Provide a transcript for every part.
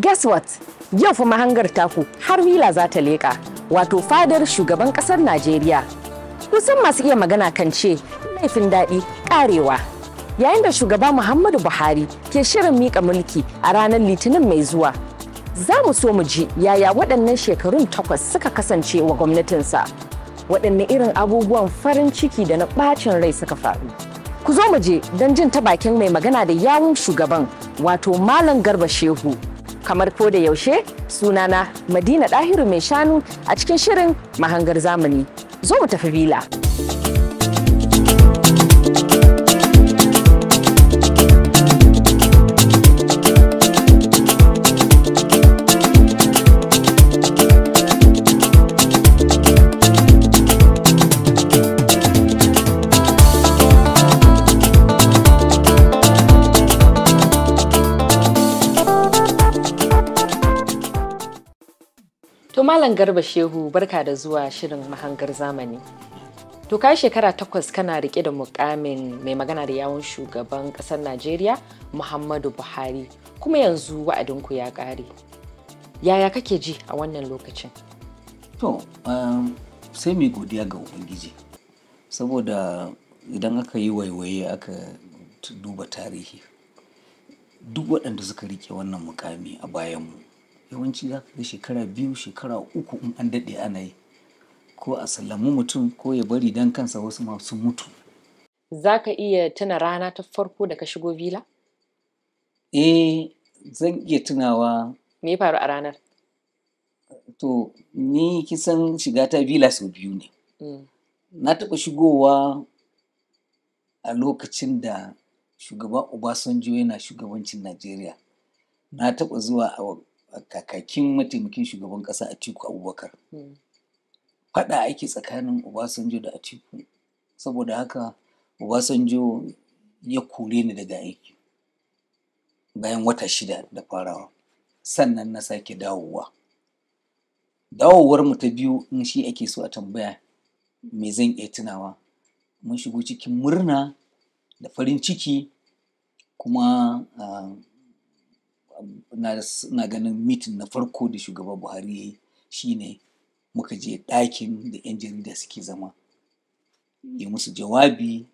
guess what yau fa mahangar taku har wila za ta leƙa wato fadar shugaban ƙasar najeriya kusan masu iya magana kan ce laifin daɗi ƙarewa yayin da shugaba muhammadu buhari ke shirin miƙa mulki a ranar litinin mai zuwa za mu so mu ji yaya waɗannan shekarun takwas suka kasance wa gwamnatinsa waɗanne irin abubuwan farin ciki da na ɓacin rai suka faru ku zo mu je don jin ta bakin mai magana da yawun shugaban wato malam garba shehu kamar ko da yaushe sunana Madina Dahiru mai shanu a cikin shirin mahangar zamani. Zo mu tafi bila. Malam Garba Shehu barka da zuwa shirin mahangar zamani. To shekara takwas kana rike da mukamin mai magana da yawon shugaban ƙasar Najeriya Muhammadu Buhari kuma yanzu wa'adinku ya ƙare. Yaya kake ji a wannan lokacin? To, um, sai mai godiya ga Ubangiji. Saboda idan aka yi waiwaye aka duba tarihi, duk waɗanda suka rike wannan mukami a bayanmu yawanci za ka ga shekara biyu shekara uku in an daɗe ana yi ko a sallamu mutum ko ya bari don kansa wasu masu mutu za ka iya tuna rana ta farko da ka shigo vila? eh zan iya tunawa me faru a ranar to ni kisan shiga ta vila sau biyu ne mm. na taɓa shigowa a lokacin da shugaba obasanjo yana shugabancin najeriya na taɓa zuwa kakakin mataimakin shugaban ƙasa Atiku Abubakar. Hmm. Faɗa ake tsakanin Obasanjo da Atiku, saboda haka Obasanjo ya kore ni daga aiki bayan wata shida da farawa, sannan na sake dawowa. Dawowarmu ta biyu in shi ake so a tambaya me zan iya tunawa. Mun shigo cikin murna da farin ciki kuma ah, na ganin mitin na farko da shugaba buhari ya yi shine muka je ɗakin da 'yan jarida suke zama ya musu jawabi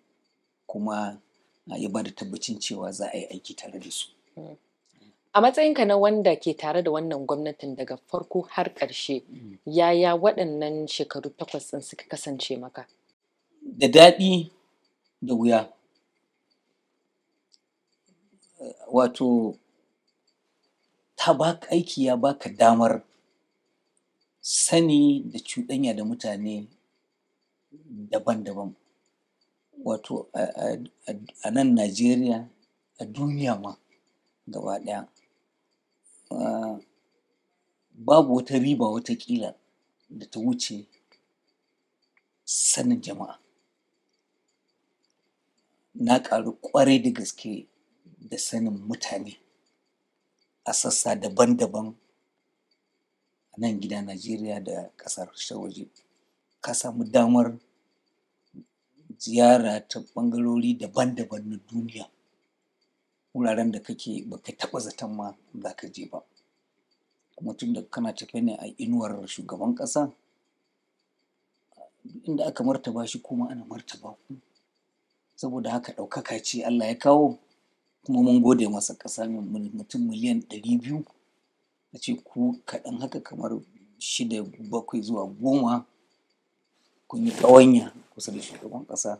kuma ah, ya ba da tabbacin cewa za a yi aiki tare da su hmm. a matsayinka na wanda ke tare da wannan gwamnatin daga farko har ƙarshe hmm. yaya waɗannan shekaru takwas ɗin suka kasance maka da daɗi da wuya eh, wato ta ba aiki ya baka damar sani da cuɗanya da mutane daban-daban wato a nan najeriya a duniya ma gaba ɗaya babu wata riba watakila da ta wuce sanin jama'a na ƙaru ƙwarai da gaske da sanin mutane a sassa daban-daban a nan gida Najeriya da ƙasar waje. Ka samu damar ziyara ta ɓangarori daban-daban na duniya wuraren da kake baka taɓa zaton ma za ka je ba. Kuma tunda kana tafe ne a inuwar shugaban ƙasa inda aka martaba shi kuma ana martaba ku. Saboda haka ɗaukaka ce Allah ya kawo kuma mun gode masa ƙasa mutum miliyan ɗari biyu a ce ku kaɗan haka kamar shida bakwai zuwa goma kun yi ƙawanya kusa da shugaban ƙasa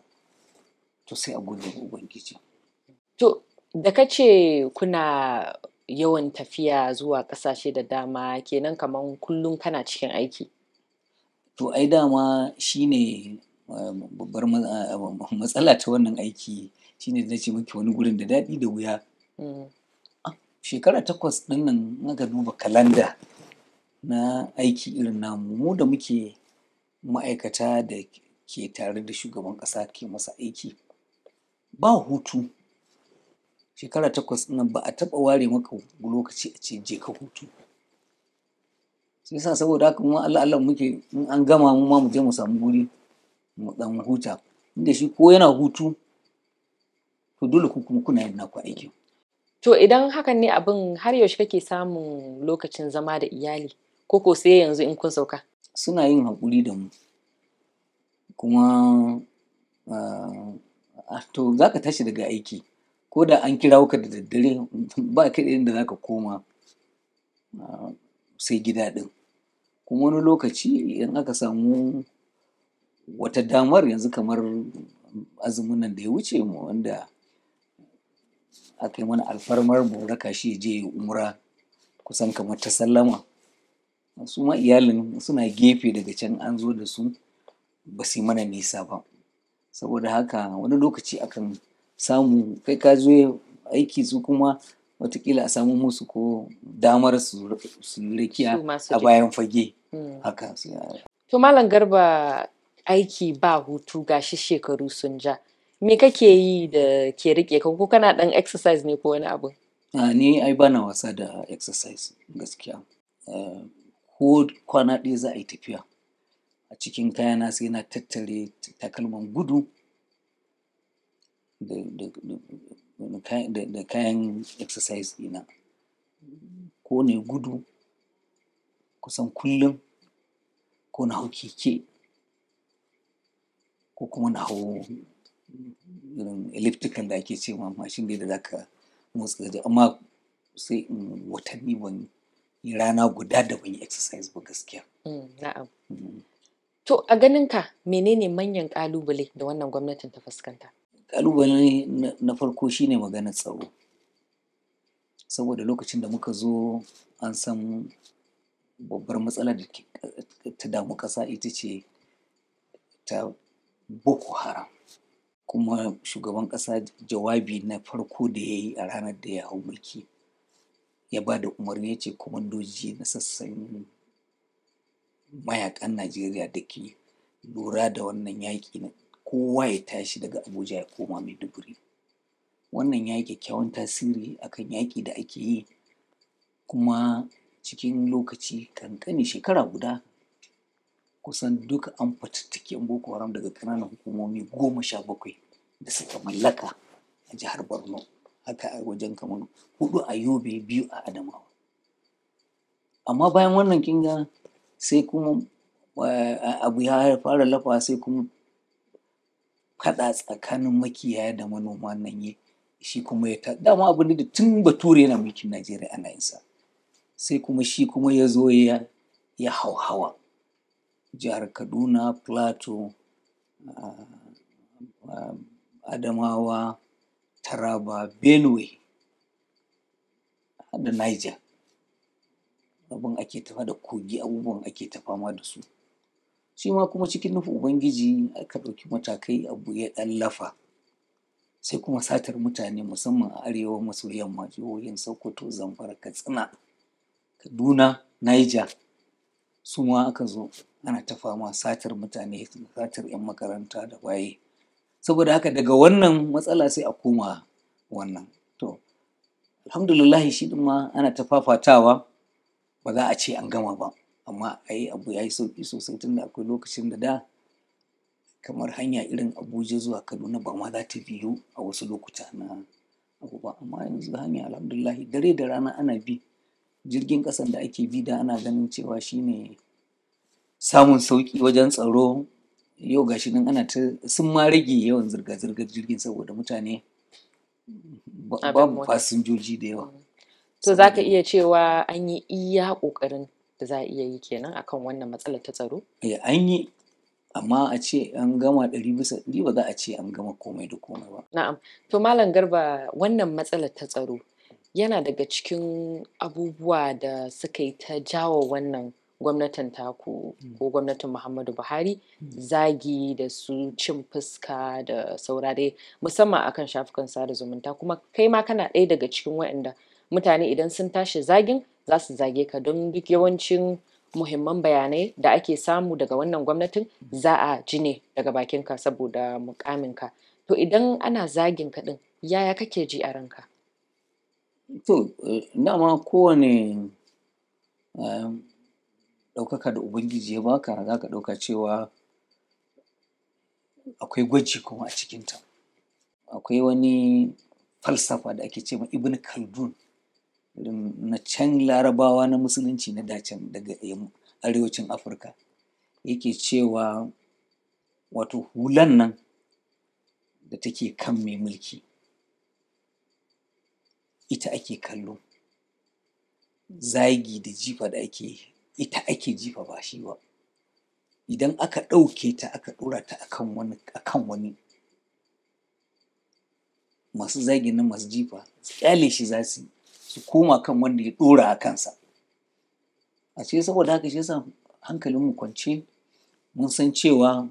to sai a gode ga ubangiji to da ka ce kuna yawan tafiya zuwa ƙasashe da dama kenan kamar kullum kana cikin aiki to ai dama shine babbar eh, matsala ta wannan aiki shine da ce muke wani gurin da daɗi da wuya mm. ah, shekara takwas ɗin nan ga duba kalanda na aiki irin namu mu da muke ma'aikata da ke tare da shugaban ƙasa ke masa aiki ba hutu shekara takwas nan ba a taɓa ware maka lokaci a ce je ka hutu sai yasa saboda haka mu Allah Allah muke in an gama mu ma mu je mu samu guri mu ɗan huta inda shi ko yana hutu to dole ku kuma kuna yin naku aiki. to idan hakan ne abin har yaushe kake samun lokacin zama da iyali ko ko sai yanzu in kun sauka suna yin haƙuri da mu kuma ah, ah, to za ka tashi daga aiki ko da an kira ka da daddare ba ka da inda za ka koma ah, sai gida ɗin kuma wani lokaci idan aka samu wata damar yanzu kamar azumin nan da ya wuce mu wanda aka yi mana alfarmar mu shi je umra kusan kamar ta sallama su ma iyalin suna gefe daga can an zo da su ba su mana nisa ba saboda haka wani lokaci akan samu kai ka zo aiki su kuma watakila a samu musu ko damar su rikiya a bayan fage hmm. haka to malam garba aiki ba hutu gashi shekaru sun ja me kake yi da ke rike ka ko kana dan exercise ne ko wani abu ni ai bana wasa da exercise gaskiya eh, ko kwana ɗaya za a yi tafiya a cikin kayana sai na tattare takalman gudu da kayan exercise ina ko ne gudu kusan kullum ko na hau keke ko kuma na hau irin elliptical da ake cewa mashin da za ka motsa gaji amma sai in watanni ban yi rana guda da ban yi exercise ba gaskiya. Mm, to a ganin ka menene manyan kalubale da wannan gwamnatin ta fuskanta? Kalubale na farko shi ne maganar tsaro. Saboda lokacin da muka zo an san babbar matsalar da ta damu ƙasa ita ce ta boko haram kuma shugaban ƙasa jawabi na farko da ya yi a ranar da ya hau mulki ya ba da umarni ya ce komandoji na sassan mayakan najeriya da ke lura da wannan yaƙi na kowa ya tashi daga abuja ya koma maiduguri wannan ya yi kyakkyawan tasiri akan yaƙi da ake yi kuma cikin lokaci kankani shekara guda kusan duka an fatattiken boko haram daga ƙananan hukumomi goma sha bakwai da suka mallaka a jihar borno haka a wajen kamar hudu a yobe biyu a adamawa amma bayan wannan kinga sai kuma eh, abu ya fara lafa sai kuma kada tsakanin makiyaya da manoma nan ya shi kuma ya ta dama abu da tun bature yana mulkin najeriya ana yinsa sai kuma shi kuma ya zo ya hauhawa jihar kaduna plateau uh, uh, adamawa taraba benue da niger abin ake tafa da kogi abubuwan ake ta fama da su shi ma kuma cikin nufin ubangiji aka ɗauki matakai abu ya ɗallafa sai kuma satar mutane musamman a arewa maso yamma jihohin sokoto zamfara katsina kaduna niger su ma aka zo ana ta fama satar mutane satar 'yan makaranta da waye saboda haka daga wannan matsala sai a koma wannan to alhamdulillah shi din ma ana ta fafatawa ba za a ce an gama ba amma a abu ya yi sauki sosai tun da akwai lokacin da da kamar hanya irin abuja zuwa kaduna ba ma za ta biyu a wasu lokuta na abu ba amma yanzu hanya alhamdulillah dare da rana ana bi jirgin ƙasan da ake bi da ana ganin cewa shine samun sauƙi wajen tsaro yau ga nan ana ta sun ma rage yawan zirga-zirgar jirgin saboda mutane babu fasinjoji da yawa to za ka iya cewa an yi iya ƙoƙarin da za a iya yi kenan akan wannan matsalar ta tsaro eh, an yi amma a ce an gama ɗari bisa ɗari ba za a ce an gama komai da komai ba na'am to malam garba wannan matsalar ta tsaro yana daga cikin abubuwa da suka yi ta jawo wannan gwamnatin taku hmm. ko gwamnatin muhammadu buhari hmm. zagi da su cin fuska da saurare, musamman akan shafukan sada zumunta kuma kai ma kana ɗaya daga cikin waɗanda mutane idan sun tashi zagin za su zage ka don duk yawancin muhimman bayanai da ake samu daga wannan gwamnatin hmm. za a ji ne daga bakinka saboda mukaminka to idan ana zagin ka din yaya kake ji a ranka To, eh, dama kowane eh, ɗaukaka da Ubangiji ya baka za ka ɗauka cewa akwai gwaji kuma a cikinta. Akwai wani falsafa da ake ce ma Ibn Kaldun, na can larabawa na musulunci na dacen daga eh, arewacin Afirka. Yake cewa wato hulan nan da take kan mai mulki ita ake kallo zagi da jifa da ake ita ake jifa ba shi ba idan aka ɗauke ta aka ɗora ta akan wani wani masu zagi na masu jifa kyale shi za su su koma kan wanda ya ɗora a kansa a ce saboda haka shi yasa hankalin mu kwance mun san cewa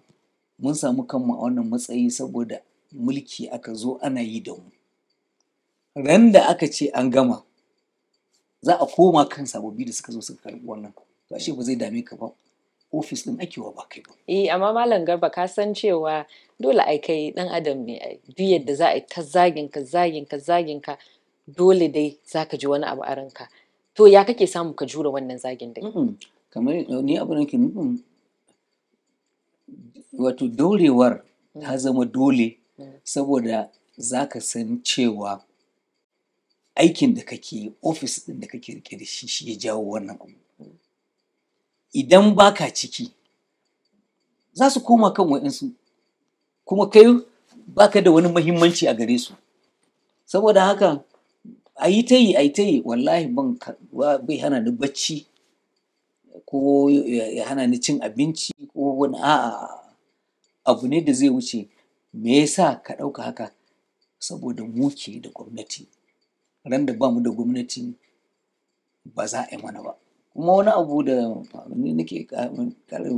mun samu kanmu a wannan matsayi saboda mulki aka zo ana yi da mu ran da aka ce an gama za a koma kan sababbi da suka zo suka karbi wannan to ashe ba zai dame ka ba ofis din ake wa ba kai ba eh amma malam garba ka san cewa dole ai kai dan adam ne duk yadda za a yi ta zagin ka zagin ka zagin ka dole dai za ka ji wani abu a ranka to ya kake samu ka jure wannan zagin dai kamar ni abu ke nufin wato dorewar ta mm. zama dole mm. saboda za ka san cewa aikin da kake ofis ɗin da kake rike da shi shi ya jawo wannan abu idan ba ka ciki za su koma kan waɗansu kuma kai baka da wani mahimmanci a gare su saboda haka a yi ta yi a yi ta yi wallahi ban bai hana ni bacci ko ya hana ni cin abinci ko wani a'a abu ne da zai wuce me yasa ka ɗauka haka saboda muke da gwamnati Randa da ba mu da gwamnati ba za a yi mana ba kuma wani abu da ni nake kare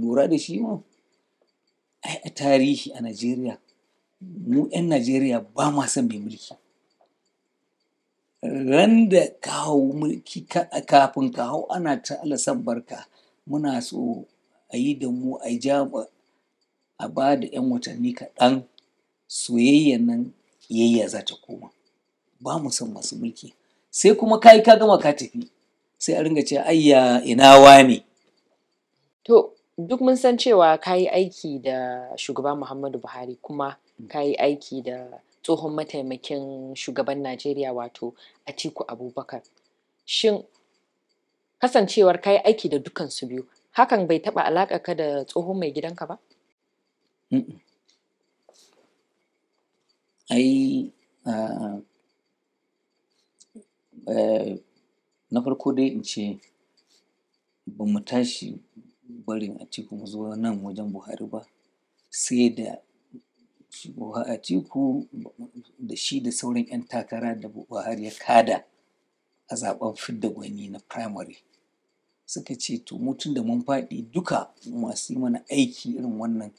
lura da shi ma a tarihi a najeriya mu 'yan najeriya ba ma son mai mulki Randa da kawo mulki kafin kawo ana ta alasan barka muna so a yi da mu a ja a ba da 'yan watanni kaɗan soyayya nan ƙiyayya za ta koma ba mu son masu mulki sai kuma kai ka gama ka tafi sai a ringa ce ayya ina wani to duk mun san cewa kayi aiki da shugaba muhammadu buhari kuma kayi aiki da tsohon mataimakin shugaban najeriya wato atiku abubakar shin kasancewar kayi aiki da dukansu biyu hakan bai taba alaƙa ka da tsohon mai gidanka ba ai ah, Eh, na farko dai in ce ba mu tashi barin Atiku mu zo nan wajen Buhari ba sai da a ciku da shi da sauran 'yan takara da Buhari ya kada a zaben fidda gwani na primary suka ce to mutum da mun faɗi duka masu yi mana aiki irin wannan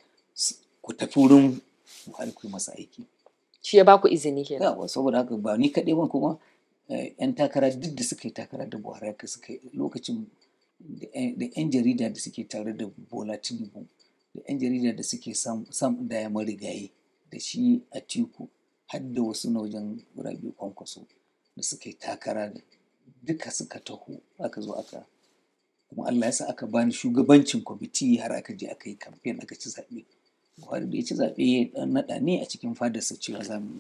ku tafi wurin Buhari ku yi masa aiki. Shi ya ku izini ke. saboda haka ba ni kaɗai ba kuma 'yan takara duk da suka yi takara da buhari haka suka lokacin da 'yan jarida da suke tare da bola tinubu da 'yan jarida da suke sam da ya marigayi da shi a tiku har da wasu na wajen rabi kwankwaso da suka yi takara duka suka taho aka zo aka kuma allah ya sa aka bani shugabancin kwamiti har aka je aka yi kamfen aka ci zaɓe buhari da ya ci zaɓe ya naɗa ne a cikin fadarsa cewa za mu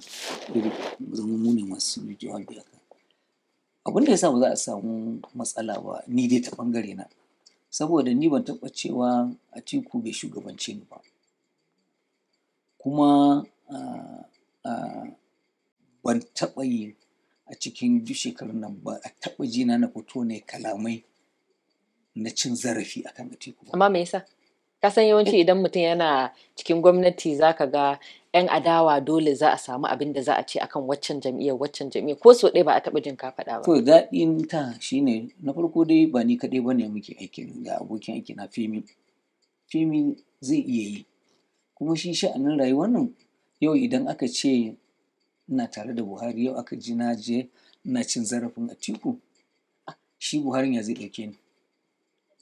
zama munin masu jawabi abin da ya sa ba za a samu matsala ba ni dai ta ɓangare na saboda ni ban taɓa cewa a tiku bai shugabance ni ba kuma ban taɓa yi a cikin duk shekarun nan ba a taɓa jina na fito ne kalamai na cin zarafi a akan atiku ba amma me yasa kasan yawanci eh. idan mutum yana cikin gwamnati zaka ga 'yan adawa dole za a samu abin da za a ce akan waccan jam'iyyar waccan jam'iyyar ko so ɗaya ba a taɓa jin ka faɗa ba. To daɗin ta shine na farko dai ba ni kaɗai ba ne muke aikin ga abokin aiki na femi. Femi zai iya yi kuma shi sha'anin rayuwar nan yau idan aka ce ina tare da Buhari yau aka ji na je ina cin zarafin Atiku shi Buharin ya zai ɗauke ni.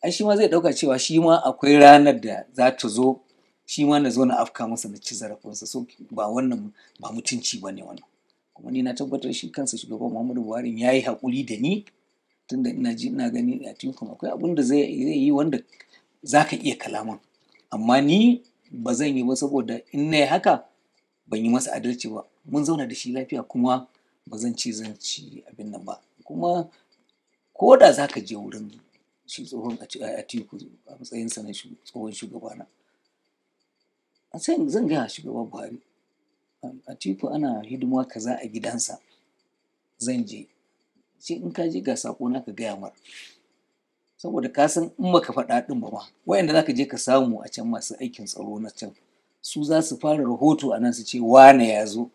ai shi ma zai ɗauka cewa shi ma akwai ranar da za ta zo shi ma na zo na afka masa na ci zarafinsa so ba wannan ba mutunci ba ne wannan kuma ni na tabbatar shi kansa shugaban muhammadu buhari ya yi haƙuri da ni tunda ina ji ina gani a cikin akwai abin da zai yi wanda za ka iya kalaman amma ni ba zan yi ba saboda in na yi haka ban yi masa adalci ba mun zauna da shi lafiya kuma ba zan ci zan ci abin nan ba kuma ko da za ka je wurin shi tsohon a tiku a matsayinsa na tsohon shugabana a sai zan gaya shugaba buhari a tiku ana hidima kaza a gidansa zan je shi in ka je ga sako na ka gaya mar saboda ka san in ba ka faɗa ɗin ba ma wayanda ka je ka samu a can masu aikin tsaro na can su za su fara rahoto a nan su ce wane ya zo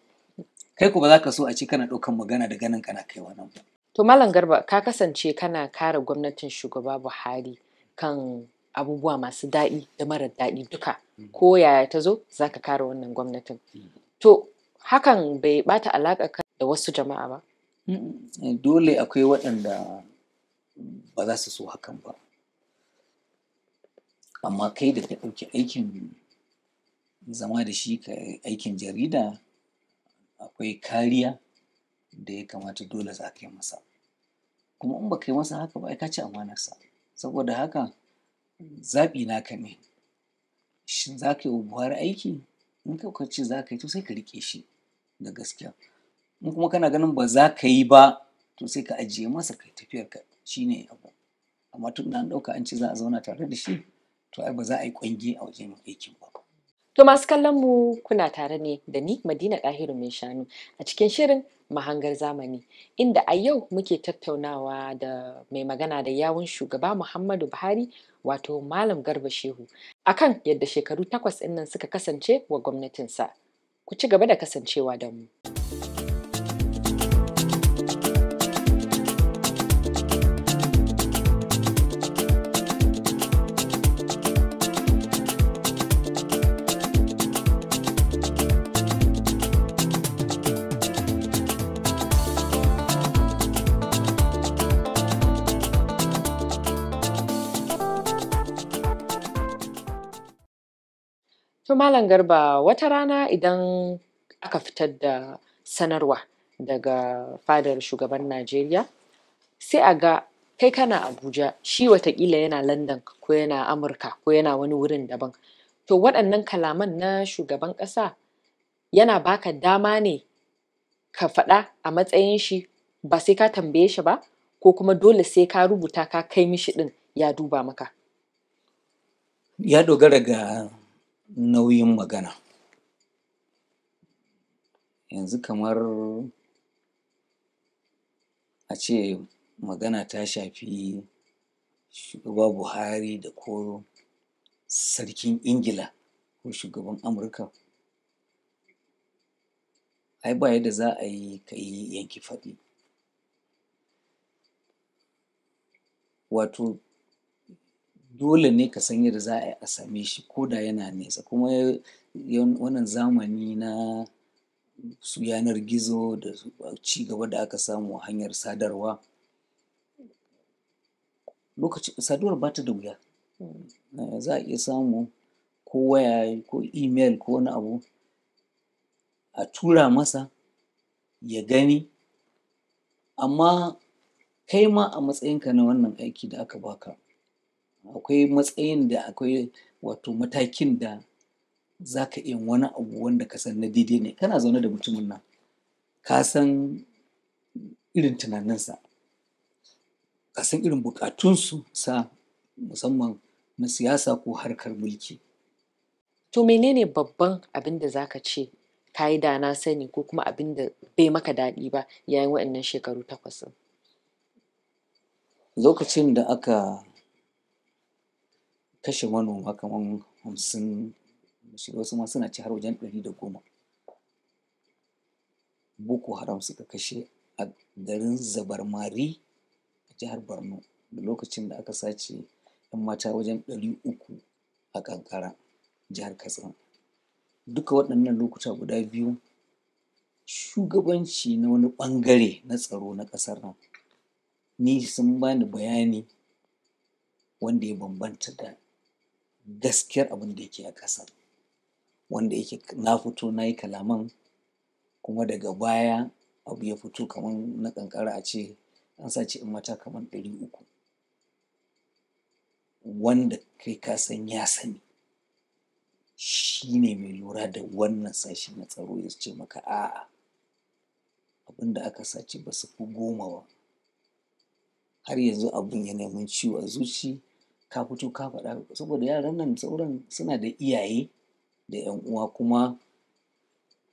kai ku ba za ka so a ce kana ɗaukan magana da ganin kana wa nan ba To Malam Garba ka kasance kana kare gwamnatin shugaba Buhari kan abubuwa masu daɗi da mara daɗi duka mm. ko yaya ta zo za ka kare wannan gwamnatin. Mm. To hakan bai bata alaƙa da wasu jama'a ba? Dole akwai waɗanda ba za su so hakan ba. Amma kai da ka ɗauki aikin zama da shi aikin jarida akwai kariya da ya kamata dole za ka yi masa kuma in ba ka yi masa haka ba ka ci amanarsa saboda haka zaɓi naka ne shin za ka yi buhari aiki in ka ce za ka yi to sai ka riƙe shi da gaskiya in kuma kana ganin ba za ka yi ba to sai ka ajiye masa kai tafiyar ka shine abu amma tun da an ɗauka an ce za a zauna tare da shi to ai ba za a yi ƙwangi a wajen aikin ba To masu kallon mu kuna tare ne da ni Madina Ɗahiru mai shanu a cikin shirin mahangar zamani inda a yau muke tattaunawa da mai magana da yawun shugaba Muhammadu Buhari wato Malam Garba Shehu akan yadda shekaru takwas ɗin nan suka kasance wa gwamnatinsa. Ku ci gaba da kasancewa da mu. To Malam Garba wata rana idan aka fitar da sanarwa daga fadar shugaban Najeriya sai a ga kai kana Abuja shi watakila yana London ko yana Amurka ko yana wani wurin daban. To waɗannan kalaman na shugaban ƙasa yana baka dama ne ka faɗa a matsayin shi ba sai ka tambaye shi ba ko kuma dole sai ka rubuta ka kai mishi ɗin ya duba maka. Ya dogara ga nauyin magana yanzu kamar a ce magana ta shafi shugaba buhari da ko sarkin ingila ko shugaban amurka ai ba yadda za a yi ka yi yanke faɗi wato dole ne ka san yadda za a yi a same shi ko da yana nesa kuma wannan zamani na su yanar gizo da ci gaba da aka samu hanyar sadarwa saduwar ba ta da wuya eh, za a iya samu ko waya ko email ko wani abu a tura masa ya gani amma kai ma a matsayinka na wannan aiki da aka baka akwai matsayin da akwai wato matakin da za ka iya wani abu wanda ka san na daidai ne kana zaune da mutumin nan ka san irin tunaninsa ka san irin bukatunsu sa musamman na siyasa ko harkar mulki to menene babban abin da za ka ce ka yi da sani ko kuma abin da bai maka daɗi ba yayin waɗannan shekaru takwas lokacin da aka kashe manoma kaman hamsin wasu ma suna ci har wajen ɗari da goma boko haram suka kashe a garin zabarmari a jihar borno da lokacin da aka sace 'yan mata wajen ɗari uku a kankara jihar katsina duka waɗannan lokuta guda biyu shugabanci na wani ɓangare na tsaro na ƙasar nan ni sun bani bayani wanda ya bambanta da gaskiyar abin da yake a ƙasar wanda yake na fito na yi kalaman kuma daga baya abu ya fito kamar na ƙanƙara a ce an sace in mata kamar ɗari uku wanda kai ka san ya sani shi ne mai lura da wannan sashi na tsaro ya ce maka a'a abin da aka sace ba su fi goma ba har yanzu abin ya neman ciwo a zuci ka fito ka faɗa saboda yaran nan sauran suna da iyaye da yan uwa kuma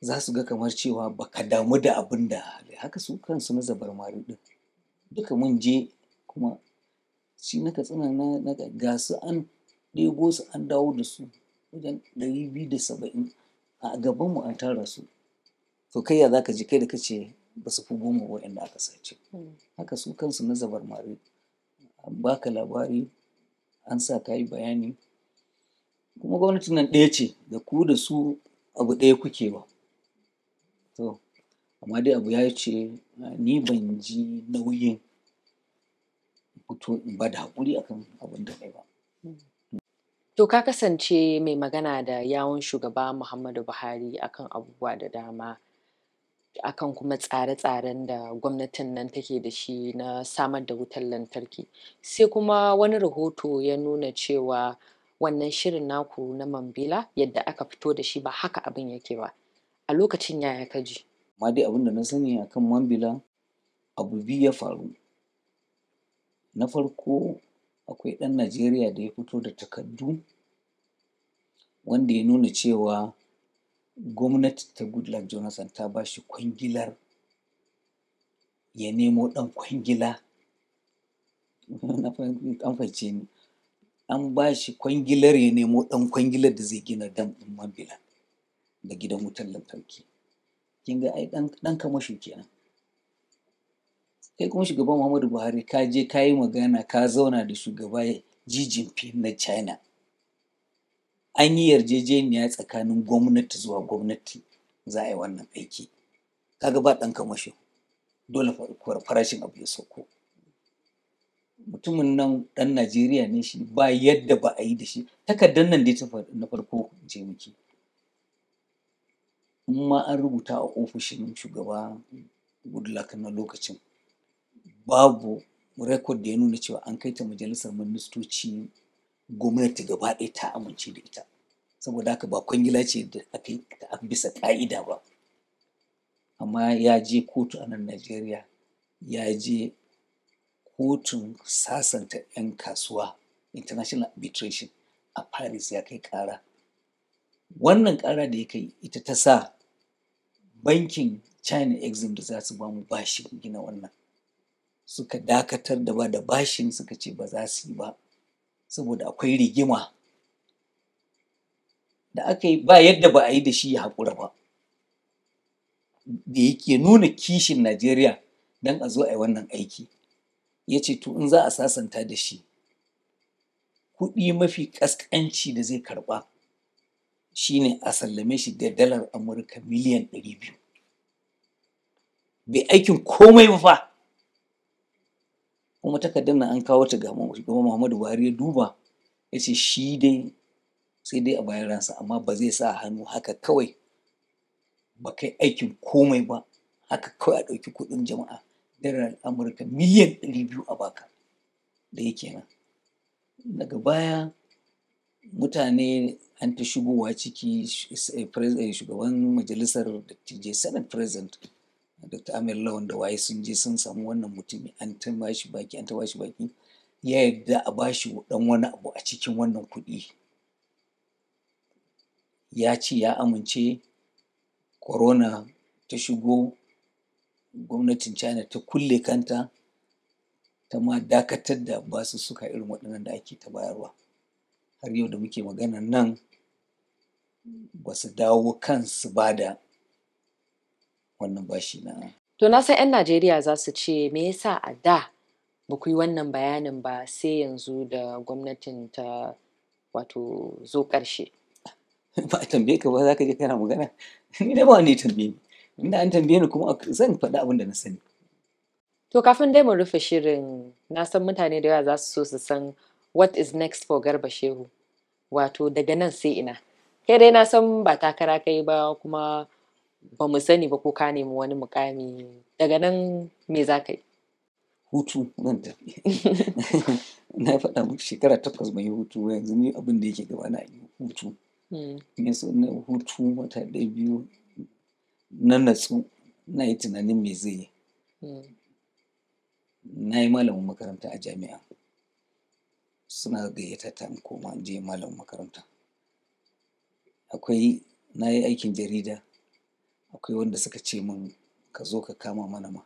za su ga kamar cewa ba ka damu da abin da haka su kansu na zabar maru ɗin duka mun je kuma shi na katsina na ga su an ɗebo su an dawo da su wajen ɗari biyu da saba'in a gabanmu mu an tara su to kai ya za ka ji kai da kace ba su fi goma waɗanda aka sace hmm. haka su kansu na zabar maru an baka labari an sa ka yi bayani kuma gwamnatin nan ɗaya ce da ku da su abu ɗaya kuke ba to amma dai abu ya ce ni ban ji nauyin in ba da haƙuri akan abin da ba To ka kasance mai magana da yawon shugaba Muhammadu Buhari akan abubuwa da dama akan kuma tsare-tsaren da gwamnatin nan take da shi na samar da wutar lantarki sai kuma wani rahoto ya nuna cewa wannan shirin naku na mambila yadda aka fito da shi ba haka abin yake ba a lokacin yaya ka ji ma dai abin da na sani akan mambila abu biyu ya faru na farko akwai ɗan najeriya da ya fito da takardu wanda ya nuna cewa gwamnati ta goodluck jonathan ta ba shi kwangilar ya nemo ɗan kwangila an fahimci ni an ba shi kwangilar ya nemo ɗan kwangilar da zai gina dam ɗin mambila da gidan wutar lantarki kin ga ai ɗan kamasho kenan kai kuma shugaban muhammadu buhari ka je ka yi magana ka zauna da shugaba fi na china an yi yarjejeniya tsakanin gwamnati zuwa gwamnati za a yi wannan aiki kaga ba ɗan kamashin dole farashin abu ya sauko mutumin nan ɗan najeriya ne shi ba yadda ba a yi da shi takardar nan da dai na farko je muke ma an rubuta a ofishin shugaba goodluck na lokacin babu rekod da ya nuna cewa an kai ta majalisar ministoci gwamnati gaba ɗaya ta amince da ita saboda haka ba kwangila ce da aka bisa ka'ida ba amma ya je kotu a nan najeriya ya je kotun sasanta 'yan kasuwa international arbitration a paris ya kai kara wannan kara da ya kai ita ta sa bankin china exim da za su ba mu bashin gina wannan suka dakatar da ba da bashin suka ce ba za su yi ba saboda akwai rigima da aka yi ba yadda ba a yi da shi ya haƙura ba da yake nuna kishin najeriya don a zo a yi wannan aiki ya ce to in za a sasanta da shi kuɗi mafi ƙasƙanci da zai karɓa shine a sallame shi da dalar amurka miliyan ɗari biyu. bai aikin komai ba fa kuma takardar nan an kawo ta ga muhammadu buhari ya duba ya ce shi dai sai dai a bayan ransa amma ba zai sa hannu haka kawai ba kai aikin komai ba haka kawai a ɗauki kuɗin jama'a dalar amurka miliyan ɗari biyu a baka da yake nan daga baya mutane an ta shigowa ciki eh, eh, shugaban majalisar dattijai senate president dr amir lawan da waye sun je sun samu wannan mutumi an ta bashi baki an ta bashi baki ya yadda a bashi dan wani abu a cikin wannan kuɗi ya ce ya amince corona ta shigo gwamnatin china ta kulle kanta ta ma dakatar da basu suka irin waɗannan da ake ta bayarwa har yau da muke magana nan ba su dawo kansu ba da wannan bashi na to na san 'yan najeriya za su ce me yasa a da ba ku yi wannan bayanin ba sai yanzu da gwamnatin ta wato zo ƙarshe ba a tambaye ka ba za ka je kana magana ni da ba wani tambaye ni inda an tambaye ni kuma zan faɗi abin da na sani to kafin dai mu rufe shirin na san mutane da yawa za su so su san what is next for garba shehu wato daga nan sai ina kai dai na san ba takara kai ba kuma ba mu sani ba ko ka nemi wani mukami daga nan me za ka yi hutu nan tafi na faɗa muku shekara takwas mai hutu yanzu ni abin da yake gaba na yi hutu ya hmm. so na hutu wata da biyu na natsu na yi tunanin me zai yi hmm. na yi malamin makaranta a jami'a suna gayyata ta koma je malamin makaranta akwai na yi aikin jarida akwai wanda suka ce min ka zo ka kama mana ma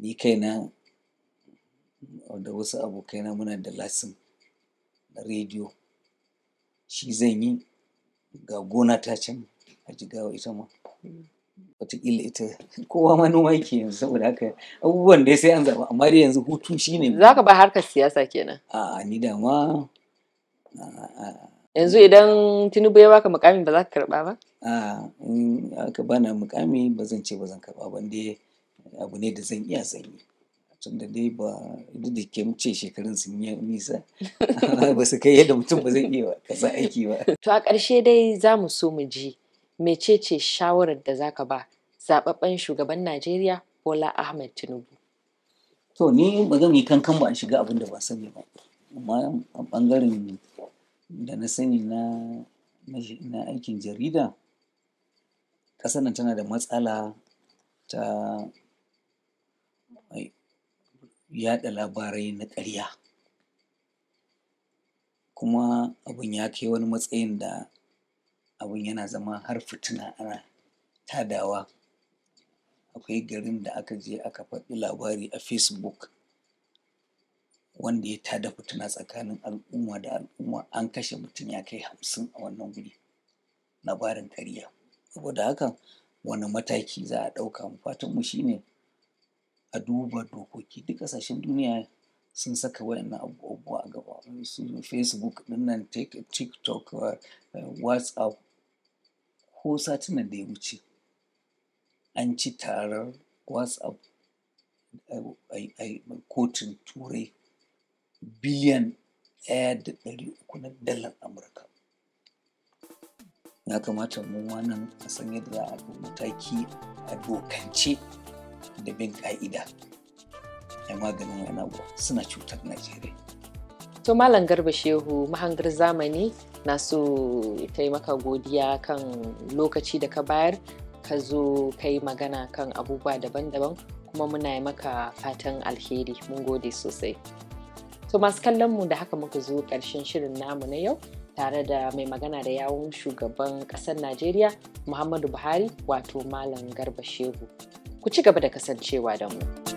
ni kaina da wasu abokaina muna da lasin na rediyo shi zan yi ga gona ta can a jigawa ita ma mm. wataƙila ita kowa ma noma ke yanzu saboda haka abubuwan da sai an zaɓa amma dai yanzu hutu shi ne. za ka ba harkar siyasa kenan a ni da ma yanzu idan tinubu ya baka mukami ba za ka karɓa ba a in aka bana mukami ba zan ce ba zan karɓa ba dai abu ne da zan iya sanyi tunda dai ba duk da ke ce shekarun sun yi nisa ba su kai yadda mutum ba zai iya kasa aiki ba. To a ƙarshe dai za mu so mu ji mecece shawarar da za ka ba zababben shugaban Najeriya Bola Ahmed Tinubu. To ni ba zan yi kankan ba a shiga abin da ba sani ba. Amma a ɓangaren da na sani na aikin jarida ƙasar nan tana da matsala ta yaɗa labarai na ƙarya kuma abin ya kai wani matsayin da abin yana zama har fitina ana tadawa akwai garin da aka je aka faɗi labari a facebook wanda ya tada fituna tsakanin al'umma da al'umma an kashe mutum ya kai hamsin a wannan guri labarin ƙarya saboda haka wani mataki za a ɗauka mu fatanmu mu shine a duba dokoki duk ƙasashen duniya sun saka wayannan abubuwa a gaba su facebook dinnan tiktok whatsapp ko satinan da ya wuce an ci tarar whatsapp a kotun turai biliyan ɗaya da ɗari uku na dalar amurka ya kamata mu wannan a san yadda za a mataki a dokance da bin ka'ida ya maganin wani suna cutar najeriya to malam garba shehu mahangar zamani na so maka godiya kan lokaci da ka bayar ka zo ka yi magana kan abubuwa daban-daban kuma muna yi maka fatan alheri mun gode sosai to masu kallon mu da haka muka zo ƙarshen shirin namu na yau tare da mai magana da yawun shugaban ƙasar najeriya muhammadu buhari wato malam garba shehu Ku ci gaba da kasancewa da mu.